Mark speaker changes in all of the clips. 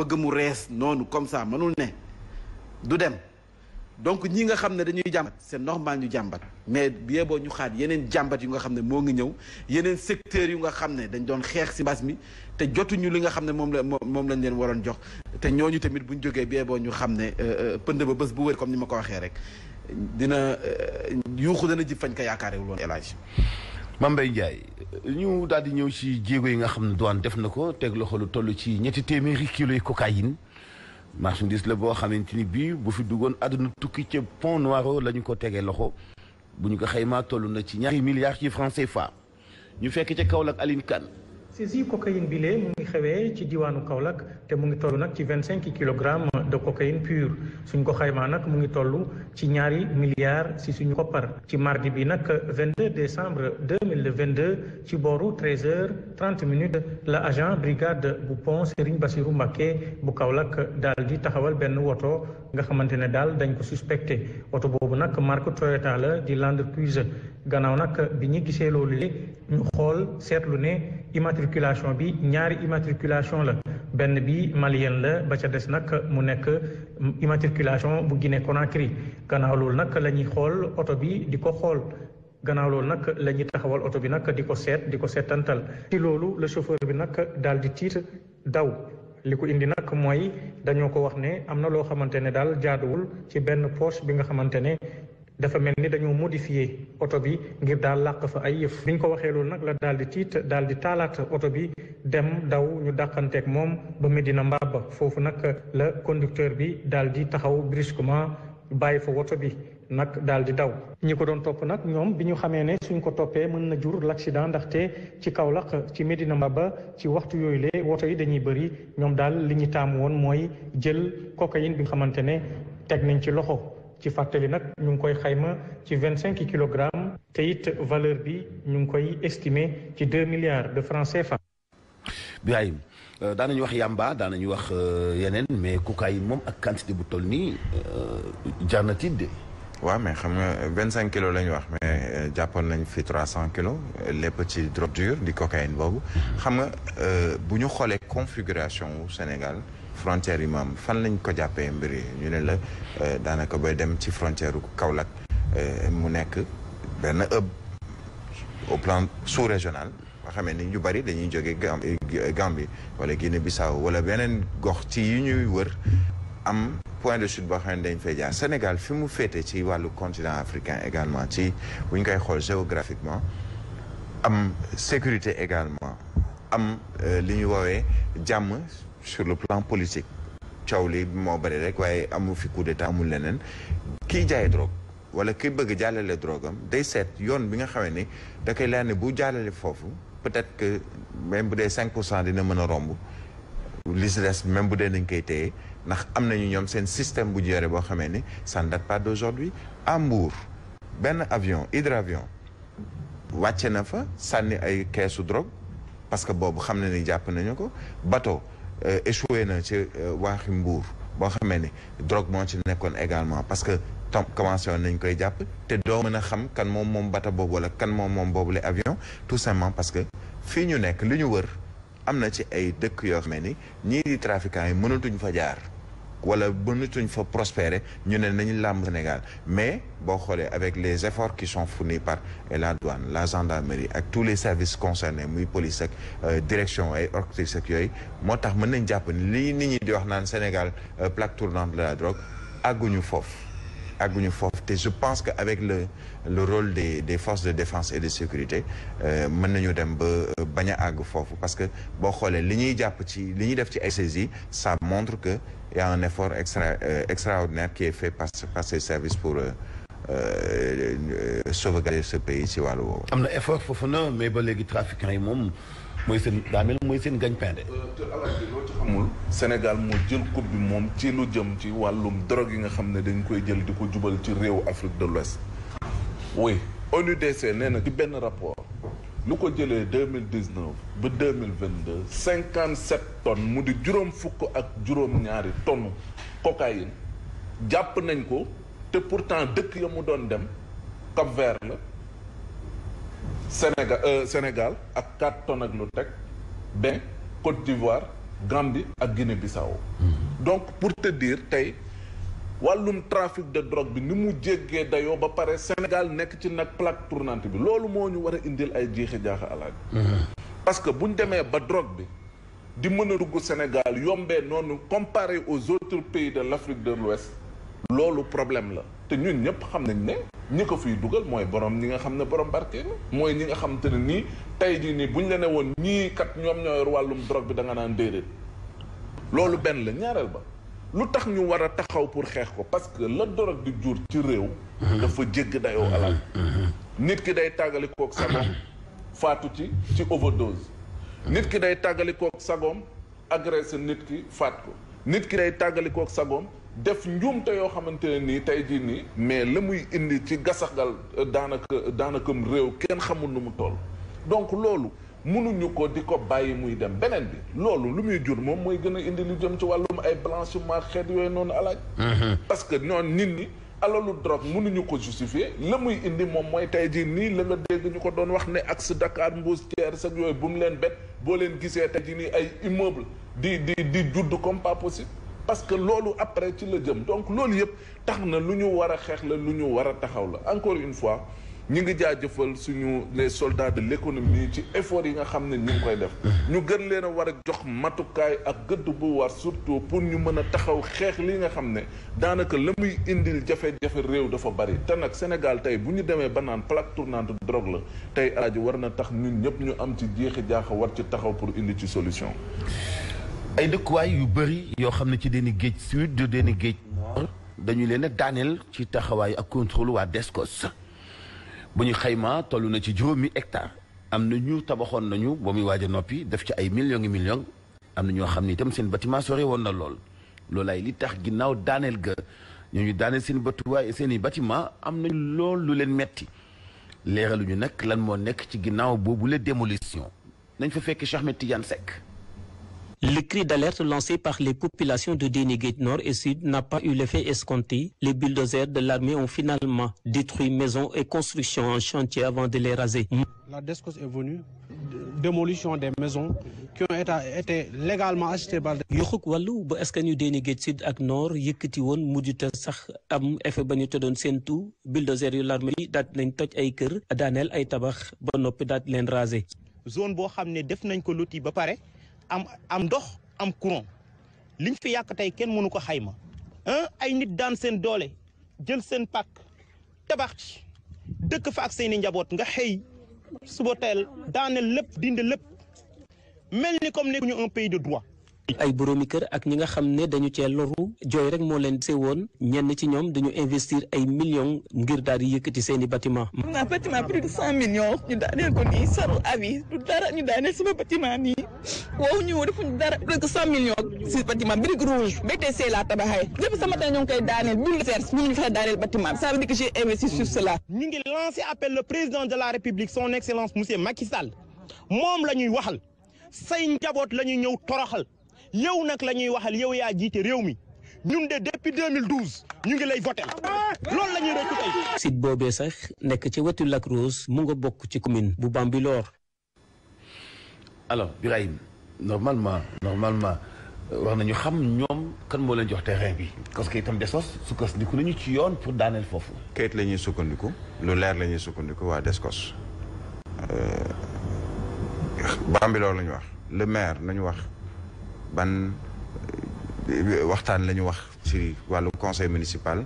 Speaker 1: bëgg mu rees noonu comme ça mënul ne du dem donc ñi nga xam ne dañuy jàmbat c'est normal ñu jàmbat mais yee boo ñu xaat yeneen jàmbat yu nga xam ne moo ngi ñëw yeneen secteurs yu nga xam ne dañ doon xeex ci mbas mi te jotuñu li nga xam ne moom la moom lañ leen waroon jox te ñooñu tamit bu ñu jógee yee boo ñu xam ne euh, euh, pënd ba bës bu wër comme ni ma ko waxee rek
Speaker 2: dina euh, yuuxu dana jib fañ ko yaakaar yaakaarewul woon élage Mame Mbaye Ndiaye ñu daal di ñëw ci jéego yi nga xam ne douane def na ko teg loxo lu toll ci ñetti téeméeri kilos yi marchandis la boo xamante ni bii bu fi duggoon àdduna tukki ca Pont Noir la ñu ko tegee loxo bu ñu ko xaymaa toll na ci ñaari milliards ci francs CFA ñu fekk ca Kaolack Aline Kane.
Speaker 3: saisie bi lee mu ngi xewee ci diwaanu Kaolack. te mu ngi toll nag ci vingt cinq kilogrammes de cocaïne pure suñ ko xaymaa nag mu ngi tollu ci ñaari milliards si suñu koppar ci mardi bi nag vingt deux décembre deux mille vingt deux ci booru treize heures trente minutes la agent brigade bu pont Serigne Bassirou Mbacké bu kaw Kaolack daal di taxawal benn woto nga xamante ne daal dañ ko suspecté oto boobu nag marque Toyota la di Land Cruiser gannaaw nag bi ñu gisee loolu li ñu xool seetlu ne immatriculation bi ñaari immatriculation la benn bi bi malien la ba ca des nag mu nekk immatriculation bu Guinée Conakry gannaaw loolu nag la ñuy xool oto bi di ko xool gannaaw loolu nag lañuy taxawal oto bi nag di ko seet di ko seetantal ci loolu le chauffeur bi nag daal di tiit daw li ko indi nag mooy dañoo ko wax ne am na loo xamante ne daal jaaduwul ci benn poche bi nga xamante ne dafa mel ni dañoo modifié oto bi ngir daal làq fa ay yëf ñu ko waxee loolu nag la daal di tiit daal di taalaat oto bi dem daw ñu dàqanteeg moom ba Medina ba foofu nag la conducteur bi daal di taxaw brusquement bàyyi fa woto bi nag daal di daw ñi ko doon topp nag ñoom bi ñu xamee ne suñ ko toppee mën na jur l'accident ndaxte ci Kaolack ci Medina ba ci waxtu yooyu le woto yi dañuy bëri ñoom daal li ñu taamu woon mooy jël cocaïne bi nga xamante ne teg nañ ci loxo ci fàttali nag ñu ngi koy xayma ci vingt cinq kilogrammes teyit valeur bi ñu ngi koy estimé ci deux milliards de francs CFA.
Speaker 2: Birahim euh, daanañu wax yàmba daanañu wax
Speaker 4: euh, yeneen mais cocaïne yi moom ak quantité bu toll nii euh, jar na tiit de. waaw mais xam nga vingt cinq kilos la ñu wax mais jàppoon nañ fi trois cent kilos lépp ci drogue dure di cocaïne boobu mm-hmm. xam nga bu ñu xoolee configuration wu Sénégal. frontière yi maam fan lañ ko jàppee mbir yi ñu ne la euh, daanaka bay dem ci frontière u Kaolack euh, mu nekk benn ëpp au plan sous-régional nga xamee ni ñu bari dañuy jógee Gambie wala Guinée-Bissau wala beneen gox ci yi ñuy wër am point de suite boo xam ne dañ fee jaar Sénégal fi mu féete ci wàllu continent africain également ci bu ñu koy xool géographiquement am sécurité également am euh, li ñu woowee jàmm sur le plan politique coow li moo bëri rek waaye amul fi coup d'état amul leneen kiy jaay drogue wala ki bëgg jàllale drogue am day seet yoon bi nga xamee ni da koy ne bu jàllale foofu peut-être que même bu dee cinq pour cent dina mën a romb li si des même bu dee nañ koy téye ndax am nañu ñoom seen système bu jore boo xamee ni ça ne date pas d'aujourd'hui à Mbour benn avion hydravion wàcce na fa sànni ay keesu drogue parce que boobu xam na ni jàpp nañu ko bateau Euh, échoué na ci euh, waaxi mbuur boo xamee ne drogue moo ci nekkoon également parce que tam commencé woon nañ koy jàpp te doo mën a xam kan moom moom bata boobu wala kan moom moom boobu la avion tout simplement parce que fii ñu nekk li ñu wër am na ci ay dëkk yoo xamee ni ñii di trafiquants yi mënatuñ fa jaar wala mënatuñ fa prospérer ñu ne nañu làmb Sénégal mais boo xoolee avec les efforts qui sont fournis par la douane la gendarmerie ak tous les services concernés muy police ak euh, direction ay orchestres ak yooyu moo tax mën nañ jàpp ni lii nit ñi di wax naan Sénégal euh, plaque tournante de la drogue ñu foofu. àgguñu foofu te je pense que avec le le rôle des des forces de défense et de sécurité euh, mën nañu dem ba bañ a àgg foofu parce que boo xoolee li ñuy jàpp ci li ñuy def ci ay saisies ça que il y a un effort extra extraordinaire qui est fait par par ces services pour. sauvegarder ce pays ci wàllu woowu.
Speaker 2: am na effort foofu na mais ba léegi trafiquants yi moom mooy seen daa mooy seen gagne-pain de.
Speaker 5: Euh, Sénégal moo jël coupe moom ci lu jëm ci wàllum drogue yi nga xam ne dañ koy jël di ko jubal ci réewu Afrique de l'Ouest oui ONUDC nee na ci benn rapport. lu ko jëlee deux mille dix neuf ba deux mille vingt deux cinquante sept tonnes mu di juróom fukk ak juróom-ñaari tonnes cocaïne jàpp nañ ko te pourtant dëkk ya mu doon dem Cap Vert la Sénégal euh, Sénégal ak quatre tonnes ak lu teg Bénin Côte d'Ivoire Gambie ak Guinée-Bissau. Mm donc pour te dire tey. wàllum trafic de drogue bi ni mu jéggee dayoo ba pare Sénégal nekk ci nag plaque tournante bi loolu moo ñu war a indil ay jeexi jaaxa alaaj parce que bu ñu demee ba drogue bi di mën a dugg Sénégal yombee noonu comparé aux autres pays de l' Afrique de l'Ouest loolu problème la te ñun ñëpp xam nañ ne ñi ko fiy dugal mooy borom ñi nga xam ne borom barke la mooy ñi nga xam te ne nii tey jii nii bu ñu la ne woon ñii kat ñoom ñoo yor wàllum drogue bi da naan déedéet loolu benn la ñaareel ba. lu tax ñu war a taxaw pour xeex ko parce que la dorog di jur ci réew dafa jégg dayoo mmh, alal mmh, mmh, nit ki day tàggali kook sagoom faatu ci ci overdose nit ki day tàggali kook sagoom agressé nit ki faat ko nit ki day tàggali kook sagoom def njuum te yoo xamante ne nii tey jii nii mais la muy indi ci gasaxal daanaka daanakam réew kenn xamul nu mu toll donc loolu mënuñu ko di ko bàyyi muy dem beneen bi loolu lu muy jur moom mooy gën a indi lu jëm ci wàllum ay blanchiment xeet yooyu noonu alaaj mm-hmm. parce que ñoon nit ñi alalu drogue mënuñu ko justifier la muy indi moom mooy tey jii nii la nga dégg ñu ko doon wax ne ak si Dakar Mbuus Thiès ak yooyu bu mu leen bet boo leen gisee tey jii nii ay immeuble di di di judd comme pas possible parce que loolu après ci la jëm donc loolu yëpp tax na lu ñu war a xeex la lu ñu war a taxaw la encore une fois ñi ngi jaajëfal suñu les soldats de l'économie ci effort yi nga xam ne ñu ngi koy def ñu gën leen a war a jox matukaay ak gëdd bu war surtout pour ñu mën a taxaw xeex li nga xam ne daanaka la muy indi jafe-jafe réew dafa bari te nag Sénégal tey bu ñu demee ba naan plaque tournante drogue la tey alaaji war na tax ñun ñëpp
Speaker 2: ñu am ci jeexi jaaxa war ci taxaw pour indi ci solution ay dëkkuwaay yu bëri yoo xam ne ci denn géej sud de denn géej dañu leen a daaneel ci taxawaay ak contrôle waa bu ñu xayma toll na ci juróomi hectare am na ñu tabaxoon nañu ba muy waaj noppi def ci ay millions i millions am na ñoo xam ni itam seen bâtiment sore woon na lool loolaay li tax ginnaaw daaneel ga ñooñu daaneel seen batuwaay seen i bâtiment am nañu lool lu leen metti leeraluñu nag lan moo nekk ci ginnaaw boobu la démolition nañ fa fekk Cheikh Ahmed Tidiane Seck Le cri d'alerte lancé par les
Speaker 1: populations de Denigate Nord et Sud n'a pas eu l'effet escompté. Les bulldozers de l'armée ont finalement détruit maisons et constructions en chantier avant de les raser.
Speaker 3: La DESCOS est venue,
Speaker 1: démolition des maisons qui ont été, été légalement achetées par. yoxuk wàllu ba askan yu Dénigate Sud ak Nord yëkkati woon mujjute sax am effet ba ñu te doon séentu bulldozer yu l'armée yi daat nañ toj ay kër daaneel ay tabax ba noppi daat leen raser. zone boo xam ne def nañ ko loti ba pare. am am ndox am courant liñ fi yàq tey kenn mënu ko xayma ah ay nit daan seen doole jël seen pàkk tabax ci dëkk fa ak seeni njaboot nga xëy suba teel daane lépp dindi lépp mel ni comme nekkuñu un pays de droit ay boroomi kër ak ñi nga xam ne dañu cee loru jooy rek moo leen see woon ñenn ci ñoom dañu investir ay millions ngir daal yëkkati seen i bâtiment am naa bâtiment plus de cent millions ñu daaneel ko nii saru avis du dara laa tabaxee lépp sama tey ñoo ngi daaneel bulle serse ñu ñu fexe daaneel bâtiment ça veut dire que investi sur cela ñu ngi lancé appel le président de la république son excellence monsieur Macky Sall moom la waxal say njaboot la ñuy ñëw toroxal yow nag la ñuy waxal yow yaa jiite réew mi ñun de depuis 2012 ñu ngi lay voté loolu la ñuy rëccu
Speaker 2: tey. boobee sax nekk ci wetu lak Rose mu nga bokk ci commune bu Bambilor. alors Birahim normalement normalement euh, wax nañu xam ñoom kan moo leen jox terrain bi parce que itam desos ndiku nañu ci yoon pour daaneel foofu.
Speaker 4: kayit la ñuy sukkandiku lu leer la sukkandiku waa Descos. Euh, Bambilor la ñu wax le maire nañu wax. ban euh, waxtaan la ñu wax ci wàllu conseil municipal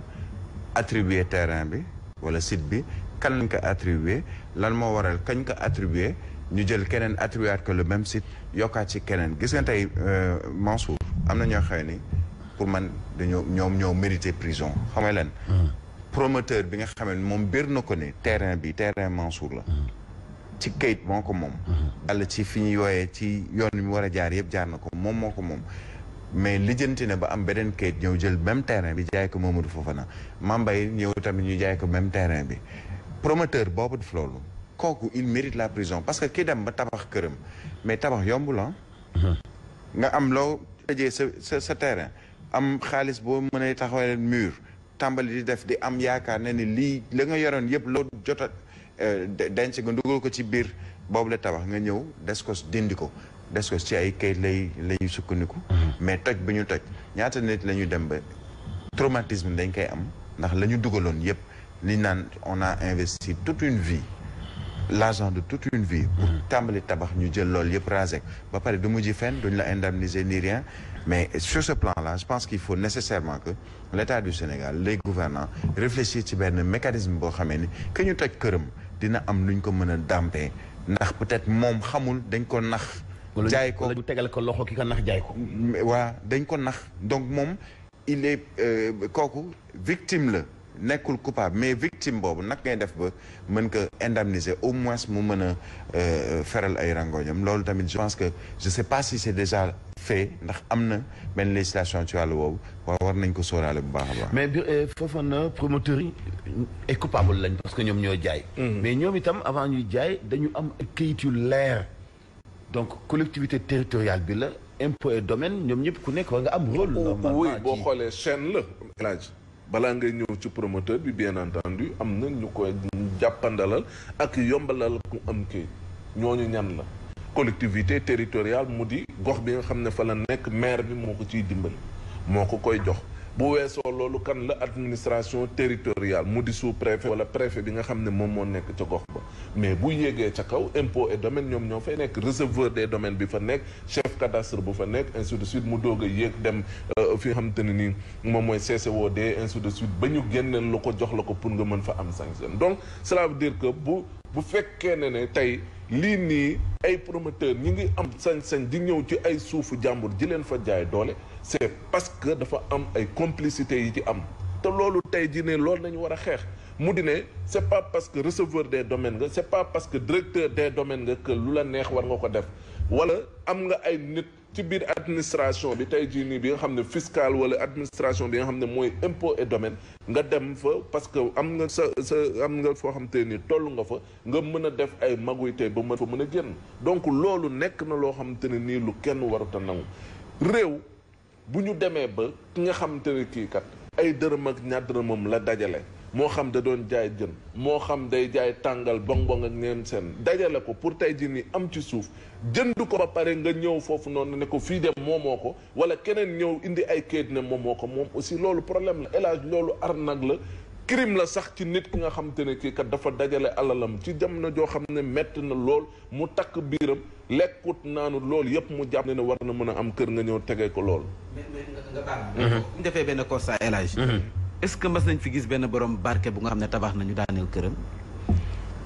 Speaker 4: attribuer terrain bi wala site bi kan lañ ko attribuer lan moo waral kañ ko attribuer ñu jël keneen attribuer que le même site yokkaat ci keneen gis nga tey euh, Mansour am na ñoo xëy ni pour man dañoo ñoom ñoo mérité prison xam nga leen hmm. promoteur bi nga xamee moom biir na ko ne terrain bi terrain Mansour la hmm. ci kayit moo ko moom yàlla uh-huh. ci fi ñuy wooyee ci yoon mi war a jaar yëpp jaar na ko moom moo ko moom mais lijjanti na ba am beneen kayit ñëw jël même terrain bi jaay ko foofa Fofana Mambay ñëw tamit ñu jaay ko même terrain bi promoteur boobu def loolu kooku il mérite la prison parce que ki dem ba tabax këram mais tabax yombul ah. uh-huh. nga am loo tëjee sa sa sa terrain am xaalis boo mënee taxawal mur tàmbali di def di am yaakaar na ni lii la nga yoroon yëpp loo jot Euh, denc nga dugal ko ci biir boobu la tabax nga ñëw des ko dindi ko des ko ci ay kayit lay la ñuy sukkandiku. Mhm. mais toj bi ñu toj ñaata nit la dem ba traumatisme dañ koy am ndax la ñu dugaloon yëpp li naan on a investi toute une vie l'argent de toute une vie. pour mhm. tàmbali tabax ñu jël loolu yëpp rasek ba pare du mujj fenn duñ la indemniser ni rien mais sur ce plan-là je pense qu'il faut nécessairement que l'État du Sénégal les gouvernants réfléchissent ci benn mécanisme boo xamee ni que ñu toj këram. dina am luñ ko mën a dàmpee ndax peut-être moom xamul dañ ko nax. jaay ko wala ñu tegale ko loxo ki ko nax jaay ko. waa dañ ko nax donc moom il est euh, kooku victime la. nekkul coupable mais victime boobu nag ngay def ba mën ko indemniser au moins mu mën a euh, feral ay rangoñam loolu tamit je pense que je sais pas si c'est déjà fait ndax am na benn législation ci wàllu woowu waaw war nañ ko sóoraale bu baax a
Speaker 2: mais bi euh, foofa na promoteurs yi ay coupable lañ parce que ñoom ñoo jaay. Mm-hmm. mais ñoom itam avant ñuy jaay dañu am këyit leer donc collectivité territoriale bi la impôt domaine ñoom ñëpp ku nekk war nga am rôle. normalement oui
Speaker 5: boo balaa ngay ñëw ci promoteur bi bien entendu am na ñu koy jàppandalal ak yombalal ku am kayit ñooñu ñan la collectivité territorial mu di gox bi nga xam ne fa la nekk maire bi moo ko ciy dimbal moo ko koy jox bu weesoo loolu kan la administration territoriale mu di sous préfet wala préfet bi nga xam ne moom moo nekk ca gox ba mais bu yéegee ca kaw impôt et domaine ñoom ñoo fay nekk receveur des domaines bi fa nekk chef cadastre bu fa nekk ainsi de suite mu doog a yéeg dem euh, fi nga xam ne nii moom mooy CCOD ainsi de suite ba ñu génneel lu ko jox la ko pour nga mën fa am cinq sanction donc cela veut dire que bu bu fekkee ne ne tey lii nii ay promoteur ñu ngi am sañ-sañ di ñëw ci ay suufu jàmbur ji leen fa jaay doole c'est parce que dafa am ay complicité yi ci am te loolu tey jii ne lool nañu war a xeex mu di ne c'est pas parce que receveur de domaines nga c'est pas parce que directeur de domaines nga que lu la neex war nga ko def wala am nga ay nit ci biir administration bi tey jii nii bi nga xam ne fiscal wala administration bi nga xam ne mooy impôt et domaine nga dem fa parce que am nga sa sa am nga foo xam te ni toll nga fa nga mën a def ay maguy tey ba mën fa mën a jën donc loolu nekk na loo xam te ne nii lu kenn warut a nangu réew bu ñu demee ba ki nga xam te ne kii kat ay dërëm ak ñaar dërëmam la dajale moo xam da doon jaay jën moo xam day jaay tàngal bongbong ak neen seen dajale ko pour tey jii nii am ci suuf jënd ko ba pare nga ñëw foofu noonu ne ko fii dem moomoo ko wala keneen ñëw indi ay kayit ne moomoo ko moom aussi loolu problème la élage loolu ar nag la crime la sax ci nit ki nga xam te ne kii kat dafa dajale alalam ci jam jamono joo xam ne metti na lool mu takk biiram lekkut naanu lool yëpp mu jàpp ne ne war na mën a am kër nga ñëw tege ko lool. mais
Speaker 1: mais nga baal. Mhm. est-ce que mas nañ fi gis benn borom barke bu nga xam ne tabax nañu daaneel këram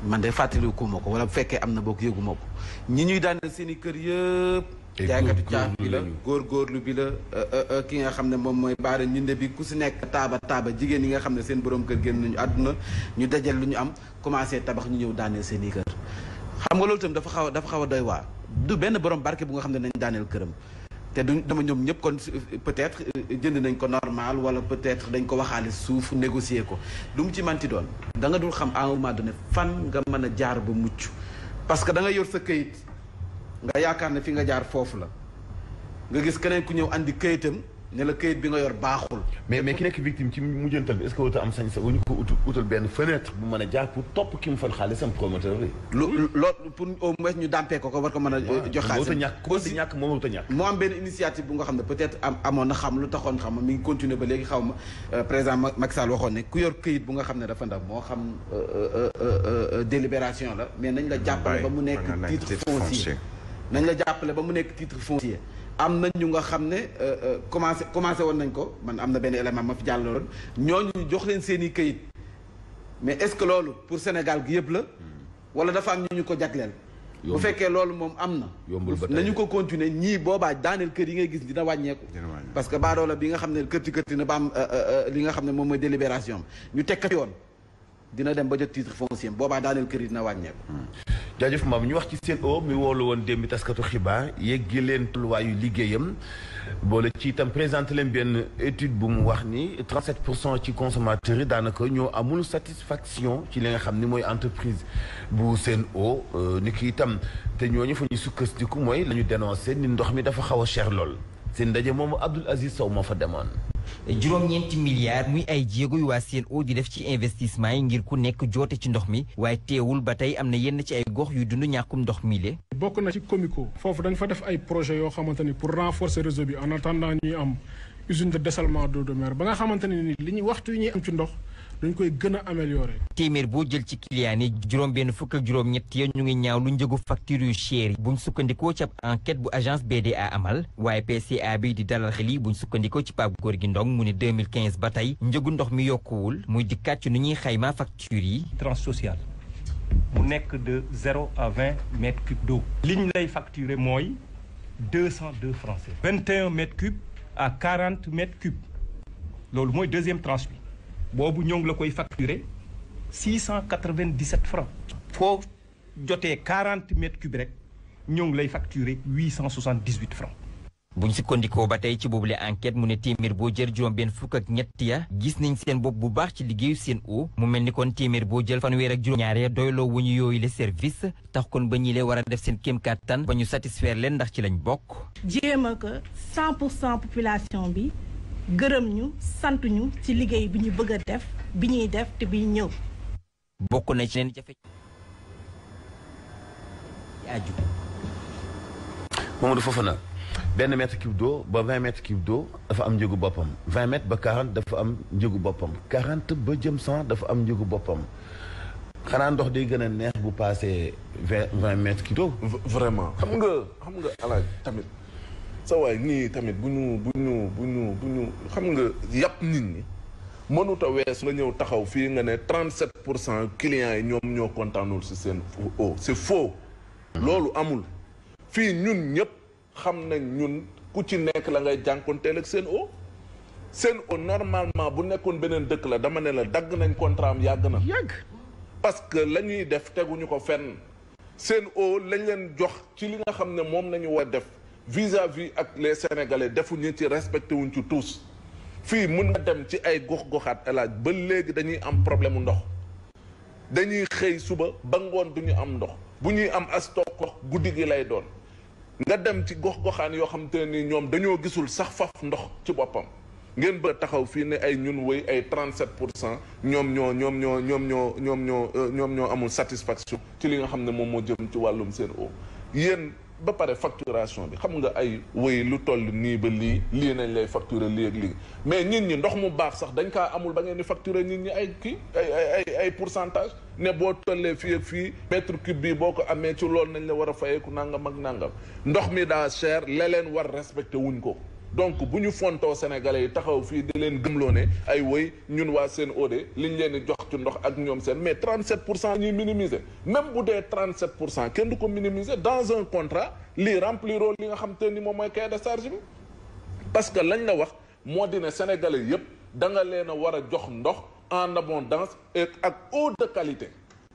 Speaker 1: man de fàttaliku ma ko wala bu fekkee am na bokk yëgu ma ko ñi ñuy daaneel seen i kër yëpp jaaykatu caaf bi la góorgóorlu bi la euh, euh, euh, ki nga xam ne moom mooy baara ñunde bi ku si nekk taaba taaba jigéen yi nga xam ne seen borom kër génn nañu àdduna ñu dajal lu ñu am commencé tabax ñu ñëw daaneel seen i kër xam nga loolu tam dafa xaw a dafa xaw a doy waa du benn borom barke bu nga xam ne nañ daaneel këram te du dama ñoom ñëpp kon peut-être euh, jënd nañ ko normal wala peut-être dañ ko waxaale suuf négocier ko lu mu ci manti doon danga dul xam à un moment donné fan nga mën a jaar ba mucc parce que da nga yor sa këyit nga yaakaar ne fi nga jaar foofu la nga gis keneen ku ñëw indi këyitam
Speaker 2: ne la kayit bi nga yor baaxul. mais mais ki nekk victime ci mujjantal bi est-ce que wuta am sañ sa wuñu ko utul utal benn fenêtre bu mën a jaar pour topp ki mu fal xaalisam promoteur bi. lu loolu pour a.
Speaker 1: jox xaalisam ñàkk am benn initiative bu nga xam ne peut-être am amoon na xam lu taxoon xam ma mi ngi continuer ba léegi xaw ma euh, président Macky Sall waxoon ne ku yor këyit bu nga xam ne dafa ndaw moo xam euh, euh, délibération la mais nañ la jàppale mu nekk titre foncier nañ la jàppale ba mu nekk titre foncier am na ñu nga xam ne euh, euh, commencé commencé woon nañ ko man am na benn élément ma fi jàllaloon ñoo ñu jox leen seen i kayit mais est-ce que loolu pour Sénégal gi yëpp la wala dafa am ñu ñu ko jagleel. bu fekkee loolu moom am na. yombul ba ko continuer ñii boobaa daaneel kër yi ngay gis dina wàññeeku. parce que baadoola bi nga xam ne kërti kërti na ba am euh, li nga xam ne moom mooy délibération ñu teg yoon. dina dem ba jot titre foncier boobaa daaneel kër yi dina wàññeeku. Hmm.
Speaker 2: jaajëf maam ñu wax ci o mi woolu woon démb taskatu xibaar yeggi leen tolluwaayu liggéeyam boole ci itam présenté leen benn étude bu mu wax ni 37 pour cent ci consommateurs yi daanaka ñoo amul satisfaction ci li nga xam ni mooy entreprise bu Sen'Eau ni ki itam te ñooñu fa ñu sukkandiku mooy la ñu dénoncé ni ndox mi dafa xaw a cher lool seen ndaje moomu Abdoul Aziz Sow
Speaker 6: moo fa demoon. juróom-ñeenti milliards muy ay jéego yu waa CNO di def ci investissement yi ngir ku nekk joote ci ndox mi waaye teewul ba tey am na yenn ci ay gox yu dund ñàkkum ndox mi
Speaker 5: bokk na ci comico foofu dañ fa def ay projet yoo xamante ni pour renforcer réseau bi en attendant ñuy am usine de dessalement d'eau de mer ba nga xamante ne ni li ñu waxtu yi ñuy am ci ndox dañ koy gën a améliorer.
Speaker 6: téeméer boo jël ci client yi juróom benn fukk ak juróom ñu ngi ñaaw lu njëgu facture yu cher yi buñ sukkandikoo ci ab enquête bu agence BDA amal waaye PCA bi di dalal xel yi buñ sukkandikoo ci Pape Gorgui Ndong mu ne 2015 ba tey njëgu ndox mi yokkuwul muy dikkaat ci nu ñuy xayma
Speaker 3: facture yi. tranche sociale mu nekk de 0 à 20 mètres cubes lay facturer mooy 202 francs. 21 mètres cubes à 40 mètres loolu mooy deuxième tranche bi. boobu ñoo ngi la koy facturer six cent quatre francs foo jotee quarante mètres cubes rek ñoo ngi lay facturer huit cent soixante-dix-huit francs
Speaker 6: buñ sukkandikoo ba tey ci boobule enquête mu ne téeméer boo jël juróom benn fukk ak ñett ya gis nañ seen bopp bu baax ci liggéeyu seen o mu mel ni kon téeméer boo jël fanweer ak juróom ñaar ya doyloo wu ñu yooyu le service tax kon ba ñi lee war a def seen kéem kàttan ba ñu satisfaire leen ndax ci lañ bokk.
Speaker 1: jéem a ko 100 pour bi. gërëm ñu sant ñu ci liggéey bi ñu bëgg def bi ñuy def te bi ñëw.
Speaker 6: bokk na ci leen jafe
Speaker 2: aju. Mamadou Fofana benn mètre cube d'eau ba vingt mètres cube d'eau dafa am njëgu boppam vingt mètres ba quarante dafa am njëgu boppam quarante ba jëm cent dafa am njëgu boppam xanaa ndox day gën a neex bu paasee vingt vingt mètres cube vraiment xam nga xam nga alaaj tamit. sa ñii tamit bu ñu bu ñu bu ñu
Speaker 5: bu ñu xam nga yàpp nit ñi mënut a wees nga ñëw taxaw fii nga ne 37 pour cent clients yi ñoom ñoo kontaanul si seen eau oh, c'est faux. loolu amul fii ñun ñëpp xam nañ ñun ku ci nekk ak seen eau seen eau normalement bu nekkoon beneen dëkk la dama ne la dagg nañ contrat am yàgg na. yàgg parce que la ñuy def teguñu ko fenn. seen o lañ leen jox ci li nga xam ne moom la ñu war def. vis-à-vis ak les defu ñu ci respecté wuñ ci tous fii mun nga dem ci ay gox-goxaat alaaj ba léegi dañuy am problème mu ndox dañuy xëy suba ba ngoon du am ndox bu ñuy am as guddi gi lay doon nga dem ci gox-goxaan yoo xam te ni ñoom dañoo gisul sax faf ndox ci boppam ngeen bëgg taxaw fii ne ay ñun wëy ay 37 pour cent ñoom ñoo ñoom ñoo ñoom ñoo ñoom ñoo euh, ñoom ñoo amul satisfaction ci li nga xam ne moom moo jëm ci wàllum seen ba pare facturation bi xam nga ay wéy lu toll nii ba lii lii nañ lay facturer lii ak lii mais nit ñi ndox mu baax sax dañ kaa amul ba ngeen di facturer nit ñi ay kii ay ay ay pourcentage ne boo tollee fii ak fii mètre cube bi boo ko amee ci loolu nañ la war a fayeeku nangam ak nangam ndox mi daa cher leleen war respecté wuñ ko donc bu ñu fontoo sénégalais yi taxaw fii di leen gëmloo ay woy ñun waa seen ode liñ leen di jox ci ndox ak ñoom seen mais 37 pour cent ñuy minimiser même bu dee 37 pour cent kenn du ko minimiser dans un contrat lii remplir li nga xam te ni moom mooy cahier de charge bi parce que lañ la wax moo di ne sénégalais yëpp da leen a war a jox ndox en abondance et ak eau de qualité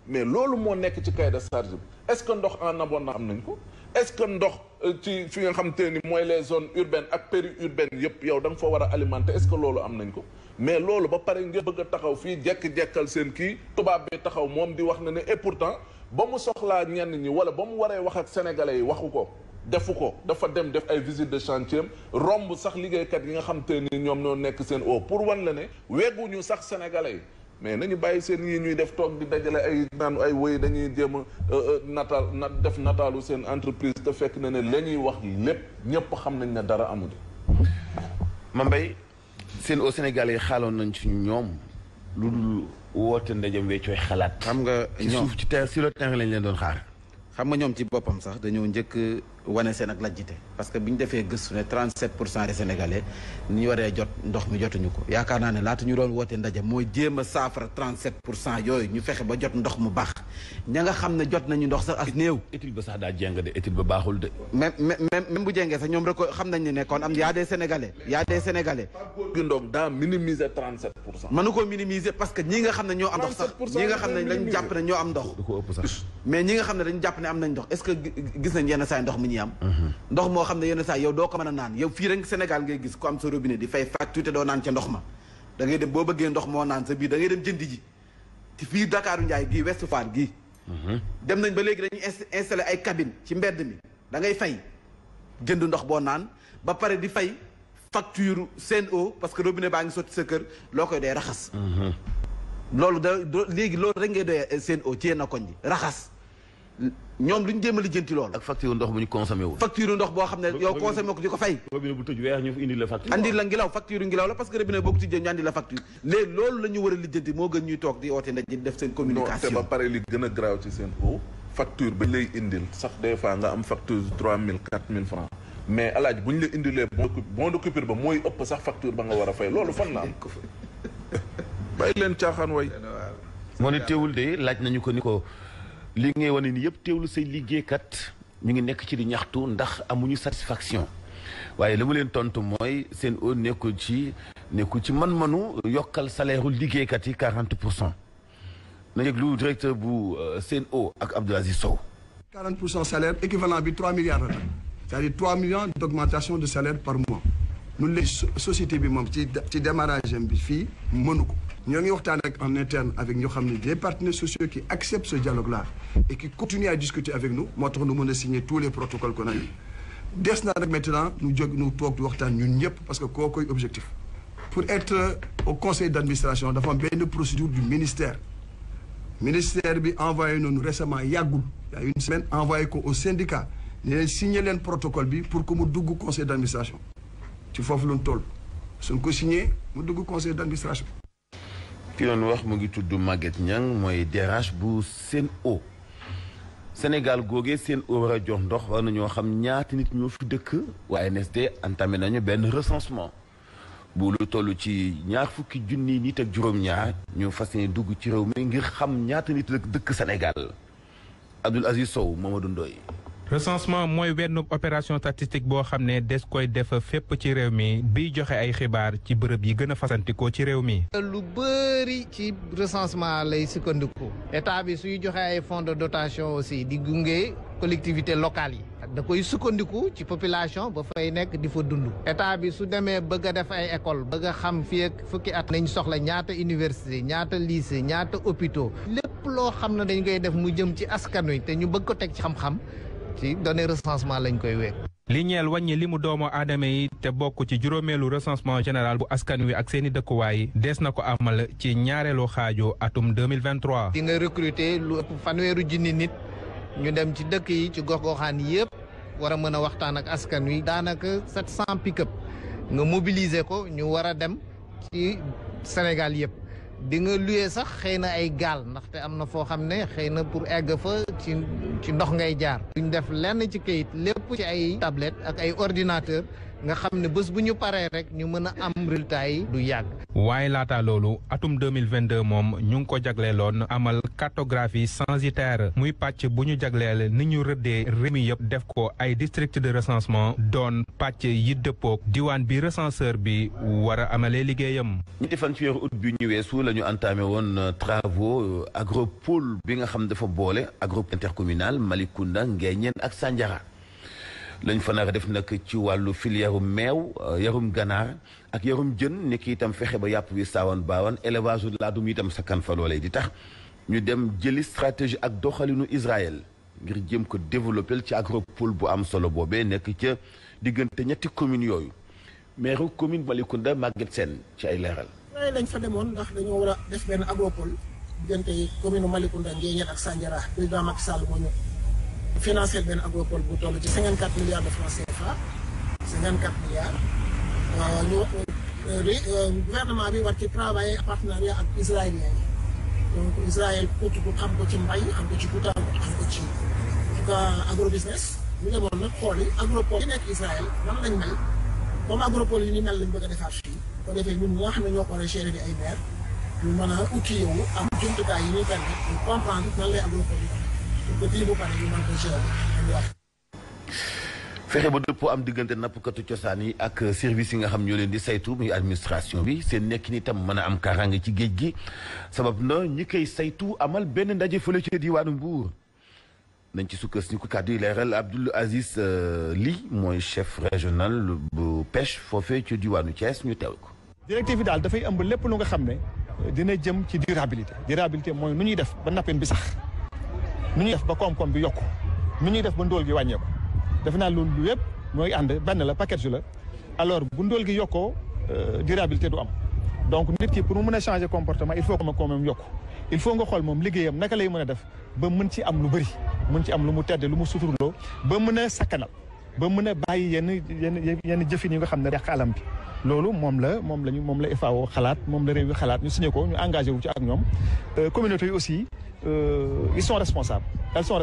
Speaker 5: mais loolu moo nekk ci cahier de charge bi est-ce que ndox en abondance am nañ ko est-ce que ndox ci fi nga xam te ni mooy les zones urbaines ak périurbaines yëpp yow da nga fa war a alimenter est-ce que loolu am nañ ko mais loolu ba pare ngeen bëgg a taxaw fii jekk-jekkal seen kii tubaab bi taxaw moom di wax na ne et pourtant ba mu soxlaa ñenn ñi wala ba mu waree wax ak sénégalais yi waxu ko defu ko dafa dem def ay visit de chantier romb sax liggéeykat yi nga xam te ni ñoom ñoo nekk seen o pour wan la ne weeguñu sax sénégalais yi mais nañu bàyyi seen yi ñuy def toog di dajale ay naan ay woy dañuy jéem a euh, euh, nataal na def nataalu seen entreprise te fekk na ne la wax lépp ñëpp xam nañ ne dara amul.
Speaker 2: ma mbay seen au Sénégal yi xaaloon nañ ci ñoom lu dul woote ndajem weccooy xalaat. xam nga ci ci terre sur le terrain lañ leen doon xaar. xam nga ñoom ci boppam sax dañoo
Speaker 1: njëkk. wane seen ak lajjite parce que bi ñu defee gëstu ne 37 pour cent des sénégalais ni ñu waree jot ndox mi jotuñu ko yaakaar naa ne laata ñu doon woote ndaje mooy jéem a saafara 37 pour cent yooyu ñu fexe ba jot ndox mu baax ña xam ne jot nañu ndox sax ak néew.
Speaker 2: étude ba ba
Speaker 1: baaxul de. même même même bu ñoom rek xam nañ ne kon am y' a des sénégalais y' a ko minimiser parce que ñi nga xam ne ñoo am ndox sax ñi nga xam ne dañ jàpp ne ndox. mais ne am nañ ndox est-ce que gis nañ yenn saa ndox mi ñi am ndox moo xam ne yenn saa yow doo ko man a naan yow fii rek Sénégal ngay gis ku am sa robinet di fay facture te doo naan ca ndox ma da ngay dem boo bëggee ndox moo naan sa biir da ngay dem jëndi ji ci fii Dakaaru Njaay gii Ouest Foire gii mhm. dem nañ ba léegi dañuy installé ay cabine ci mbedd mi da ngay fay jënd ndox boo naan ba pare di fay facture seen o parce que robinet baa ngi sotti sa kër loo koy dee raxas mhm. loolu da léegi loolu rek ngay doyee seen eau ci ñoom lu ñu jéem a lijjanti loolu. ak facture
Speaker 2: ndox bu ñu consommé wul. facture boo xam ne yow consommé ko di ko
Speaker 1: fay. robinet bu tëj
Speaker 2: weer ñu indi la facture. andi la ngelaw
Speaker 1: facture ngelaw la parce que ñu andi la loolu la war a lijjanti moo gën ñuy toog di oote ndaje def seen. communication te ba
Speaker 5: a de a fay loolu fan la am.
Speaker 2: moo ne teewul de laaj nañu ko ni ko li ngay wane ni yëpp teewlu say kat ñu ngi nekk ci di ñaxtu ndax amuñu satisfaction waaye li mu leen tontu mooy seen nekkul ci nekkul ci man-manu yokkal salaire liggéeykat yi 40 pour cent na yëglu directeur bu euh, CNO ak Abdou Aziz Sow.
Speaker 4: 40 pour cent salaire équivalent bi 3 milliards la c'est-à-dire 3 millions d'augmentation de salaire par mois ñun léegi société bi moom ci ci démarrage bi fii mënu ko. ñoo ngi waxtaan ak en interne avec ñoo xam ne des partenaires sociaux qui acceptent ce dialogue là et qui continuent discuter avec nous moo tax nu mën a signer tous les protocoles qu'on a des na nag maintenant nu jog nu toog di waxtaan ñun ñëpp parce que koo koy objectif pour être au conseil d'administration dafa am benn procédure du ministère ministère bi envoyé noonu récemment yàggul il y a une semaine envoyé ko au syndicat ne leen signé leen protocole bi pour que mu dugg conseil d'administration ci foofu lu ñu suñ ko signé mu dugg conseil d'administration
Speaker 2: ki doon wax mu ngi tudd màgget Niang mooy DRH bu Sen'Eau senegal googee seen war a jox ndox war nañoo xam ñaata nit ñoo fi dëkk waaye ANSD entamé nañu benn recensement bu lu toll ci ñaar fukki junni nit ak juróom-ñaar ñu fas yéene dugg ci réew mi ngir xam ñaata nit dëkk senegal Abdoul Aziz Sow Mamadou Ndoye recensement
Speaker 1: mooy wenn opération statistique boo xam ne des koy def fépp ci réew mi biy joxe ay xibaar ci bërëb yi gën a fasantikoo ci réew mi.
Speaker 6: lu bëri ci recensement lay sukkandiku état bi suy joxe ay fonds de dotation aussi di gunge collectivités locales yi. da koy sukkandiku ci population ba fay nekk di fa dund. état bi su demee bëgg def ay école bëgg a xam fii ak fukki at. nañ soxla ñaata université ñaata lycée ñaata hôpitaux lépp loo xam ne dañ koy def mu jëm ci askan wi te ñu bëgg ko teg ci xam ci données recensement lañ koy wekk.
Speaker 1: li ñeel li mu doomu aadama yi te bokk ci juróomeelu recensement général bu askan wi ak seeni dëkkuwaay des na ko amal ci ñaareelu xaaju atum 2023.
Speaker 6: di nga recruter lu fanweeru jinni nit ñu dem ci dëkk yi ci gox-goxaan yëpp war a mën a waxtaan ak askan wi daanaka 700 pick-up nga mobiliser ko ñu war a dem ci Sénégal yëpp. di nga luyee sax xëy na ay gaal ndaxte am na foo xam ne xëy na pour egg fa ci ci ndox ngay jaar. duñ def lenn ci kayit lépp ci ay tablet ak ay ordinateur nga xam ne bés bu ñu paree rek ñu mën a am résultat yi du yàgg.
Speaker 1: waaye laata loolu atum 2022 moom ñu ngi ko jagleeloon amal cartographie censitaire muy pàcc bu ñu jagleel ni ñu rëddee réew mi yëpp def ko ay district de recensement doon pàcc yi dëppook diwaan bi recenseur bi
Speaker 2: war a amalee liggéeyam. ñetti fan ci weeru bi ñu weesu la ñu entamé woon travaux euh, agropole bi nga xam dafa boole agropole intercommunal Malicounda Ngéyeen ak Sandiara. lañ fa nar def nag ci wàllu fil yarum meew euh, yarum ganaar ak yarum jën nekk itam fexe ba yàpp wi saawan baawan élevage laadum itam sakkan fa loolee di tax ñu dem jëli stratégie ak doxaliinu Israël ngir jëm ko développé ci agropole bu am solo boobee nekk ca diggante ñetti communes yooyu maire commune Malicounda Maguette seen ci ay leeral. Israël lañ fa demoon ndax dañoo war a def benn agropole diggante
Speaker 7: commune Malicounda Ndiéniène ak Sandiara président Macky Sall financé benn agricole bu toll ci 54 milliards de francs CFA 54 milliards euh, ñu euh, euh, gouvernement bi war ci travailler partenariat ak israélien yi donc Israël ut bu xam ko ci mbay xam ko ci guddaal xam ko ci en tout cas agro business ñu demoon nag xool yi agropole yi nekk Israël nan lañ mel comme agropol yi ni mel lañ bëgg a defar fii
Speaker 2: ko defee ñun ñoo xam ne ñoo ko war a ay maire ñu mën a outillé wu am jumtukaay yi ñuy permettre ñu comprendre nan fexe ba dëppoo am diggante nappkatu cosaan yi ak service yi nga xam ñoo leen di saytu muy administration bi seen nekk nii tam mën a am kaaraange ci géej gi sabab na ñi kay saytu amal benn ndaje fële ci diwaanu Mbuur nañ ci sukkandiku kàddu yi leeral Abdoul Aziz euh, lii mooy chef régional bu pêche foofee ci diwaanu Thiès ñu teew ko.
Speaker 7: directive bi daal dafay ëmb lépp lu nga xam ne dina jëm ci durabilité durabilité mooy nu ñuy def ba nappin bi sax. nu ñuy def ba koom-koom bi yokk nu ñuy def ba ndóol gi wàññeeku defe naa loolu yëpp mooy ànd benn la package la alors bu ndóol gi yokkoo euh, durabilité du am donc nit ki pour mu mën a changer comportement il faut que ma koomam yokku il faut nga xool moom liggéeyam naka lay mën a def ba mën ci am lu bëri mën ci am lu mu tedd lu mu suturloo ba mën a sakkanal ba mën a bàyyi yenn yenn yenn jëfin yi nga xam ne rek alam bi loolu moom la moom lañu moom la FAO xalaat moom la réew xalaat ñu signé ko ñu engagé wu ci ak ñoom euh, communauté yi aussi euh, ils sont responsables elles sont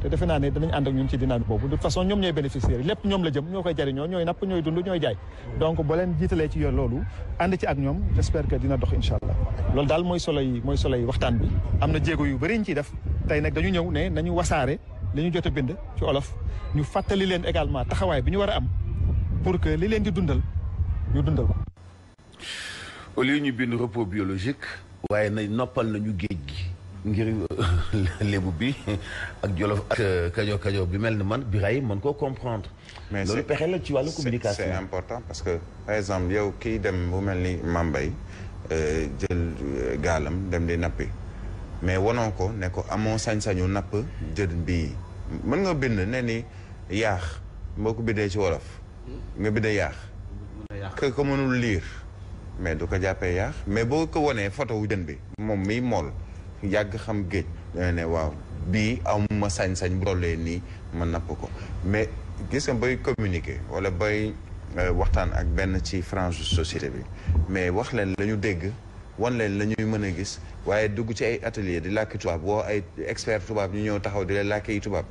Speaker 7: te defe naa ne danañ ànd ak ñun ci dynamique boobu façon ñoom ñooy bénéficiaires lépp ñoom la jëm ñoo koy jariñoo ñooy napp ñooy dund ñooy jaay donc boo leen jiitalee ci yoon loolu ànd ci ak ñoom j'espère que dina dox incha allah loolu daal mooy solo yi mooy solo yi waxtaan bi am na jéego yu bëri ñu ciy def tey nag dañu ñëw ne nañu wasaare li ñu jot bind ci olof ñu fàttali leen également taxawaay bi ñu war a am pour que li leen di dundal ñu dundal ko.
Speaker 2: au lieu ñu bind repos biologique. waaye na noppal nañu géej gi. ngir euh, lébu bi ak jolof ak euh, kajoor kajoor bi mel ni man bi Biray mën koo comprendre. mais loolu pexe la ci wàllu communication
Speaker 4: important parce que par exemple yow kiy dem bu mel ni Mambay euh, jël gaalam dem di nappi. mais wanoo ko ne ko amoo sañ-sañu napp jën bii mën nga bind ne ni yaax mboo ko bindee ci wolof nga bindee yaax que ko mënul liir mais du ko jàppee yaax mais boo ko wanee photo wu jën bi moom miy mool yàgg xam géej dana ne waaw bii amuma sañ-sañ bu tollee nii ma napp ko mais gis nga bay communiquer wala bay euh, waxtaan ak benn ci frange société bi mais wax leen lañu dégg wan leen la ñuy mën a gis waaye dugg ci ay atelier di làkki tubaab woo ay expert tubaab ñu ñëw taxaw di leen làkki yi tubaab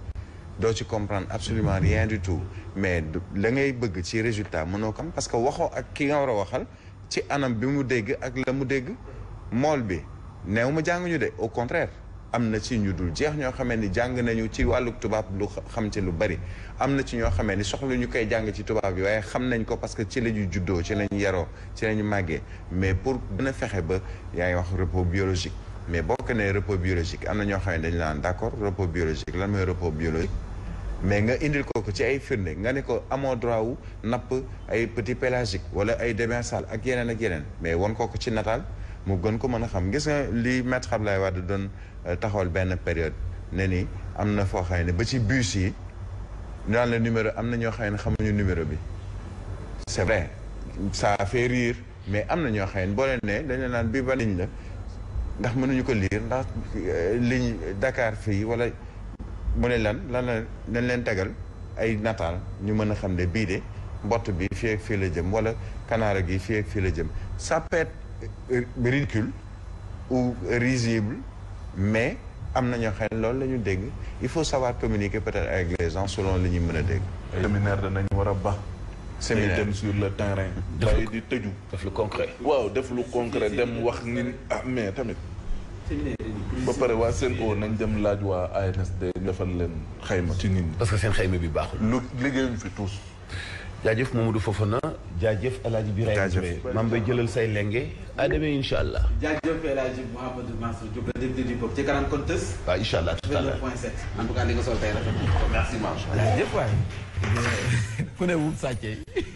Speaker 4: doo ci comprendre absolument rien du tout mais la ngay bëgg ci résultat mënoo kam parce que waxoo ak ki nga war a waxal ci anam bi mu dégg ak la mu dégg mool bi néew ma ñu de au contraire am na ci ñu dul jeex ñoo xamee ni jàng nañu ci wàllu tubaab lu xam ci lu bari am na ci ñoo xamee ni soxla ñu koy jàng ci tubaab yi waaye xam nañ ko parce que ci la ñu juddoo ci la ñu yaroo ci la ñu màggee mais pour gën fexe ba yaa ngi wax repos biologique mais boo ko nee repos biologique am na ñoo xam ne dañ laan d'accord repos biologique lan mooy repos biologique mais nga indil ko ko ci ay firnde nga ne ko amoo droit wu napp ay petit pélagique wala ay démersal ak yeneen ak yeneen mais won ko ko ci nataal mu gën ko mën a xam ngis nga li maître Abdoulaye Wade doon euh, taxool benn période ne ni am na foo xam ne ba ci bus yi daan la numéro am na ñoo xam ne xamuñu numéro bi c'est vrai ça fait rire mais am na ñoo xam ne boo leen ne dañu naan bii ba ligne la ndax mënuñu ko liir ndax euh, ligne Dakar fii wala mu ne lan lan leen tegal ay nataal ñu mën a xam ne bii de mbott bi fii ak fii la jëm wala kanaara gi fii ak fii la jëm ça Euh, euh, ridicule ou risible mais am na ñoo xam ne loolu la ñu dégg il faut savoir communiquer peut-être avec les gens selon li ñuy mën a dégg. séminaire danañ war a ba. séminaire dem sur le terrain.
Speaker 5: bàyyi di tëju. def lu concret. waaw def lu concret dem wax ni ah mais tamit. ba pare waa seen o nañ dem laaj waa ANSD defal leen xayma ci nit ñi. parce que seen xayma bi baaxul.
Speaker 2: lu liggéeyuñ fi tous. jaajëf Mamadou Fofana jaajëf El Hadj Birahim jaajëf maam bay jëlal say lenge a demee incha allah.
Speaker 1: jaajëf El Hadj Mouhamadou Mansour Diop du peuple ci
Speaker 2: kanam kon tës. waaw incha allah tout à l'heure 29.7 en tout cas li nga sol tey rafet na merci beaucoup. jaajëf waay ku ne wu sàccee.